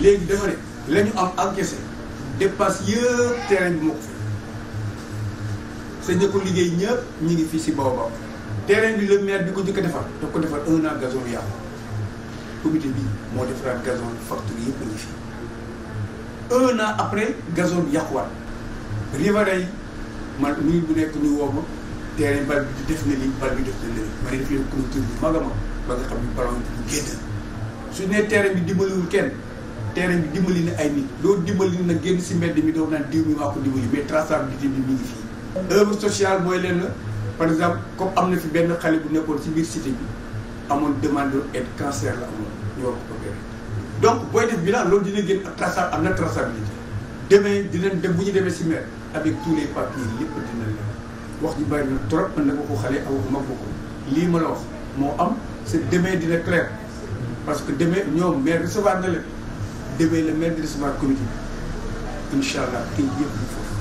léegi dafa ne la am encaissé dépasse yëpp terrain bi moo ko fay sa ñëkku liggéey ñëpp ñu ngi fii si Baobab terrain bi le maire bi ko njëkk a defar daf ko defar un an gazon yàqu bi moo defaraat gazon facture yëpp a ngi fi un après gazon bi yàquwaat riverains man nuyu bu nekk ñu woo ma terrain bal bi def na lii bal bi def na lii ma ne def leen comité bi mag a mag ba nga xam ni ballon bi du génn su ne terrain bi dimbaliwul kenn terrain bi dimbali na ay nit loolu dimbali na génn si mbedd mi doo naan diw mi maa ko dimbali mais traçabilité bi mi ngi fii. œuvre sociale mooy lenn par exemple comme am na fi benn xale bu nekkoon si biir cité bi amoon demande aide cancer la amoon ñu war ko opéré donc booy def bilan loolu dina génn ak traça am na traçabilité demee dinañ dem bu ñu demee si maire avec tous les dina leer wax ji bari na trop mën na ko ko xale aw ma ko lii ma moo am c'est demain dina clair parce que demain ñoom maire recevoir na demee le maire de comité bi incha allah tey yëpp foofu.